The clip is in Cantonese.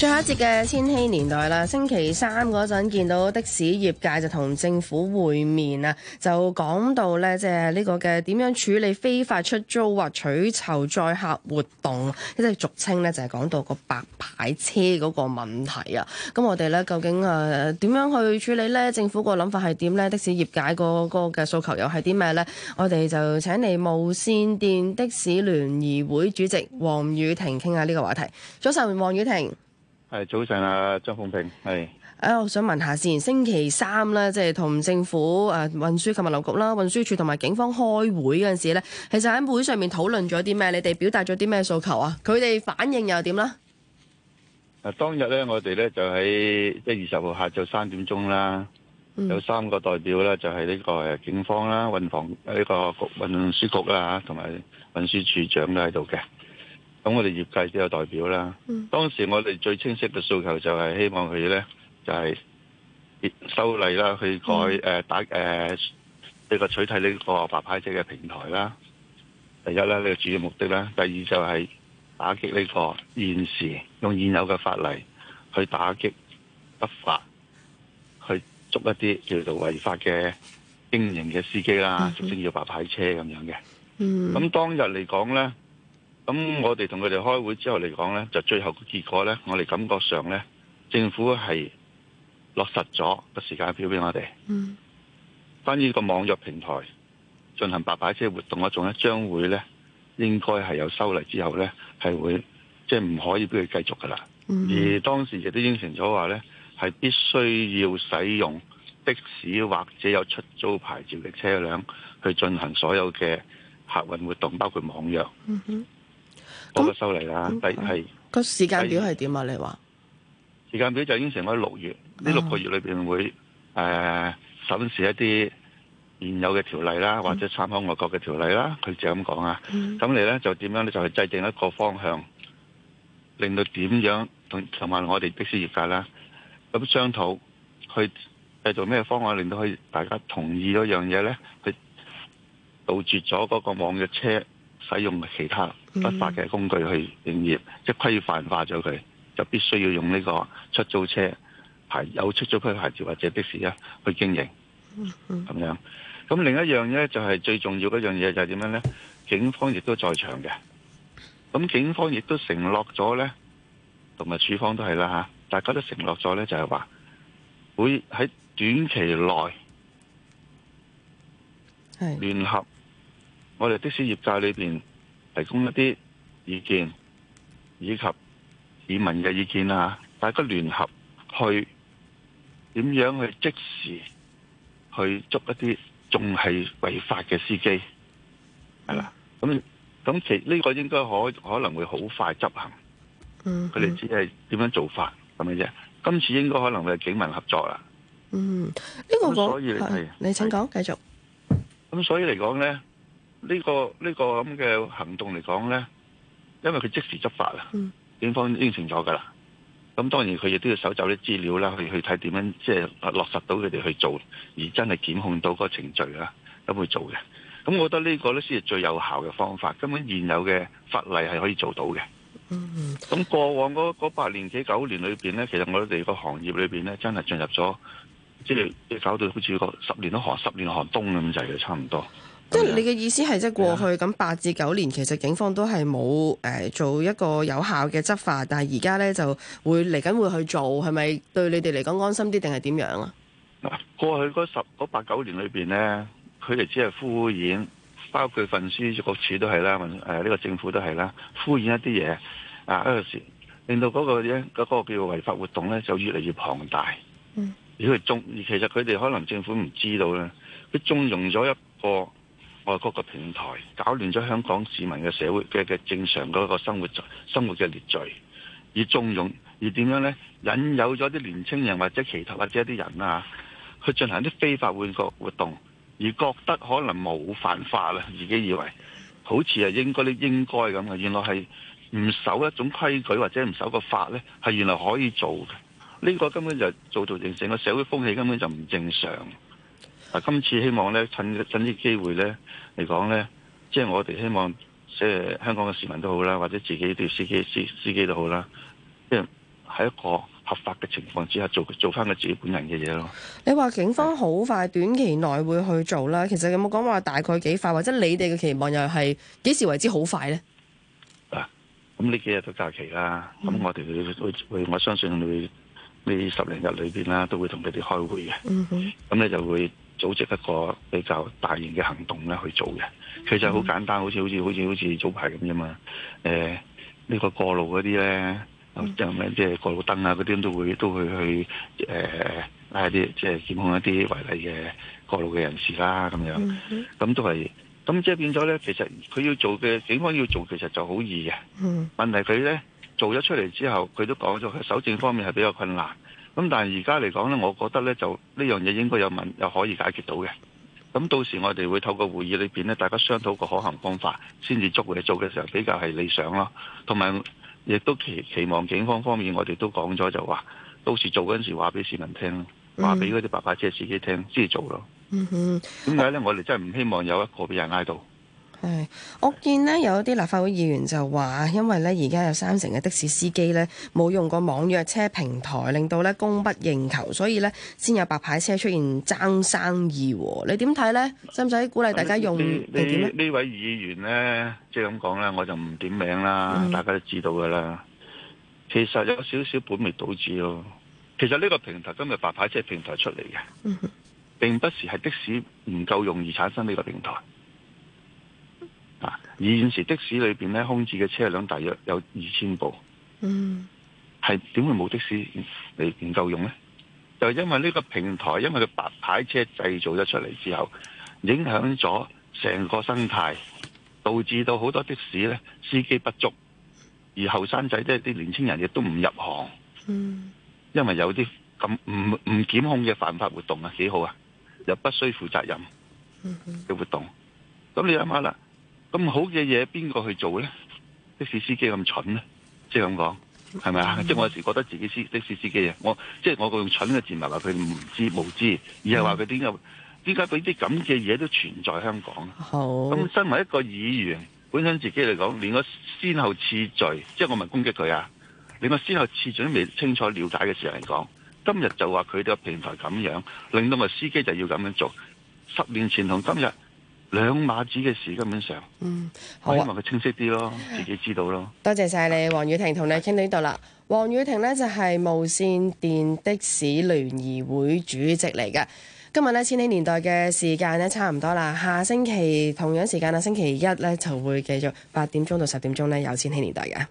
最後一節嘅千禧年代啦。星期三嗰陣見到的士業界就同政府會面啊，就講到咧，即係呢個嘅點樣處理非法出租或取酬載客活動，即係俗稱咧，就係講到個白牌車嗰個問題啊。咁我哋咧究竟誒點樣去處理咧？政府個諗法係點咧？的士業界個個嘅訴求又係啲咩咧？我哋就請嚟無線電的士聯誼會主席黃羽庭傾下呢個話題。早晨，黃羽庭。係早晨啊，張鳳平係。誒，我想問下先，星期三咧，即係同政府誒運輸及物流局啦、運輸署同埋警方開會嗰陣時咧，其實喺會上面討論咗啲咩？你哋表達咗啲咩訴求啊？佢哋反應又點啦？啊，當日咧，我哋咧就喺一月十號下晝三點鐘啦，有三個代表咧，就係呢個誒警方啦、運房呢個局運輸局啦，同埋運輸署長都喺度嘅。咁我哋業界都有代表啦。嗯、當時我哋最清晰嘅訴求就係希望佢呢，就係、是、修例啦，去改誒、嗯呃、打誒呢個取締呢個白牌車嘅平台啦。第一呢，呢個主要目的啦；第二就係打擊呢個現時用現有嘅法例去打擊不法，去捉一啲叫做違法嘅經營嘅司機啦，甚至叫白牌車咁樣嘅。咁、嗯、當日嚟講呢。咁我哋同佢哋開會之後嚟講呢，就最後嘅結果呢，我哋感覺上呢，政府係落實咗個時間表俾我哋。嗯、mm。Hmm. 關於個網約平台進行白牌車活動，我仲一將會呢應該係有修例之後呢係會即係唔可以俾佢繼續噶啦。嗯、mm。Hmm. 而當時亦都應承咗話呢係必須要使用的士或者有出租牌照嘅車輛去進行所有嘅客運活動，包括網約嗯、mm hmm. 個收例啦，係個時間表係點啊？你話時間表就已經成為六月呢六、嗯、個月裏邊會誒審、呃、視一啲現有嘅條例啦，或者參考外國嘅條例啦，佢、嗯、就咁講啊。咁、嗯、你咧就點樣咧就去制定一個方向，令到點樣同同埋我哋的士業界啦咁商討去誒製造咩方案，令到可以大家同意嗰樣嘢咧，去杜絕咗嗰個網約車。使用其他不法嘅工具去營業，mm. 即係規範化咗佢，就必須要用呢個出租車牌、有出租區牌照或者的士啊去經營。咁樣，咁另一樣嘢就係、是、最重要嗰樣嘢就係點樣咧？警方亦都在場嘅，咁警方亦都承諾咗咧，同埋處方都係啦吓，大家都承諾咗咧就係話會喺短期內聯合。我哋的士業界裏邊提供一啲意見，以及市民嘅意見啊，大家聯合去點樣去即時去捉一啲仲係違法嘅司機，係啦、mm.。咁咁其呢個應該可可能會好快執行。佢哋只係點樣做法咁嘅啫。今次應該可能會係警民合作啦。嗯、mm.，呢個講，你請講繼續。咁所以嚟講咧。呢、呢個呢、呢個咁嘅行動嚟講呢，因為佢即時執法啊，嗯、警方應承咗噶啦。咁當然佢亦都要搜集啲資料啦，去去睇點樣即係落實到佢哋去做，而真係檢控到嗰個程序啦、啊，咁去做嘅。咁我覺得呢個呢，先係最有效嘅方法。根本現有嘅法例係可以做到嘅。咁、嗯、過往嗰八年幾九年裏面呢，其實我哋個行業裏面呢，真係進入咗，即係搞到好似個十年都寒十年寒冬咁滯嘅，差唔多。即係你嘅意思係即係過去咁八至九年，其實警方都係冇誒做一個有效嘅執法，但係而家咧就會嚟緊會去做，係咪對你哋嚟講安心啲定係點樣啊？過去嗰十嗰八九年裏邊咧，佢哋只係敷衍，包括份書各處都係啦，誒、這、呢個政府都係啦，敷衍一啲嘢啊！令到嗰、嗰個嗰個叫違法活動咧就越嚟越龐大。嗯，如果佢縱其實佢哋可能政府唔知道咧，佢縱容咗一個。外個平台搞亂咗香港市民嘅社會嘅嘅正常嗰個生活生活嘅秩序，而縱容而點樣呢？引誘咗啲年青人或者其他或者一啲人啊，去進行啲非法換國活動，而覺得可能冇犯法啦，自己以為好似係應該啲應該咁嘅，原來係唔守一種規矩或者唔守個法呢，係原來可以做嘅，呢個根本就造成成個社會風氣根本就唔正常。啊！今次希望咧，趁趁啲機會咧嚟講咧，即、就、係、是、我哋希望，即、呃、係香港嘅市民都好啦，或者自己啲司機司司機都好啦，即係喺一個合法嘅情況之下，做做翻佢自己本人嘅嘢咯。你話警方好快是短期內會去做啦，其實有冇講話大概幾快，或者你哋嘅期望又係幾時為之好快咧？啊！咁呢幾日都假期啦，咁我哋會會、嗯、我相信會呢十零日裏邊啦，都會同佢哋開會嘅。咁你、嗯、哼就會。組織一個比較大型嘅行動咧去做嘅，其實好簡單，mm hmm. 好似好似好似好似早排咁啫嘛。誒、呃，呢、這個過路嗰啲咧，咁、mm hmm. 有咩即係過路燈啊嗰啲都會都會去誒、呃、拉啲即係檢控一啲違例嘅過路嘅人士啦，咁樣，咁、mm hmm. 都係。咁即係變咗咧，其實佢要做嘅，警方要做，其實就好易嘅。Mm hmm. 問題佢咧做咗出嚟之後，佢都講咗，守證方面係比較困難。咁但係而家嚟講咧，我覺得咧就呢樣嘢應該有問，有可以解決到嘅。咁到時我哋會透過會議裏邊咧，大家商討個可行方法，先至捉佢哋做嘅時候比較係理想咯。同埋亦都期期望警方方面，我哋都講咗就話，到時做嗰陣時話俾市民聽咯，話俾嗰啲白牌車司機聽，先至做咯。嗯哼。點解咧？我哋真係唔希望有一個俾人嗌到。唉，我見呢，有一啲立法會議員就話，因為呢而家有三成嘅的,的士司機呢冇用過網約車平台，令到呢供不應求，所以呢先有白牌車出現爭生意喎。你點睇呢？使唔使鼓勵大家用呢這位議員呢？即係咁講呢，我就唔點名啦，嗯、大家都知道噶啦。其實有少少本末倒置咯。其實呢個平台今日白牌車平台出嚟嘅，嗯、哼並不是係的士唔夠用而產生呢個平台。啊！而現時的士裏邊咧，空置嘅車輛大約有二千部。嗯，係點會冇的士嚟唔夠用呢？就因為呢個平台，因為佢白牌車製造咗出嚟之後，影響咗成個生態，導致到好多的士呢司機不足，而後生仔即係啲年青人亦都唔入行。嗯，mm. 因為有啲咁唔唔檢控嘅犯法活動啊，幾好啊，又不需負責任嘅活動。咁、mm hmm. 你諗下啦。咁好嘅嘢，邊個去做呢？的士司機咁蠢呢？即係咁講，係咪啊？嗯、即係我有時覺得自己司的士司機啊，我即係我用蠢嘅字，唔係話佢唔知無知，而係話佢點解點解俾啲咁嘅嘢都存在香港？好，咁身為一個議員，本身自己嚟講，連個先後次序，即係我咪攻擊佢啊，連個先後次序都未清楚了解嘅時候嚟講，今日就話佢哋個平台咁樣，令到個司機就要咁樣做。十年前同今日。兩碼子嘅事，根本上，嗯，好啊，因佢清晰啲咯，自己知道咯。多謝晒你，黃羽庭同你傾到呢度啦。黃羽庭呢就係、是、無線電的士聯誼會主席嚟嘅。今日呢，千禧年代嘅時間呢差唔多啦，下星期同樣時間啦，星期一呢就會繼續八點鐘到十點鐘呢有千禧年代嘅。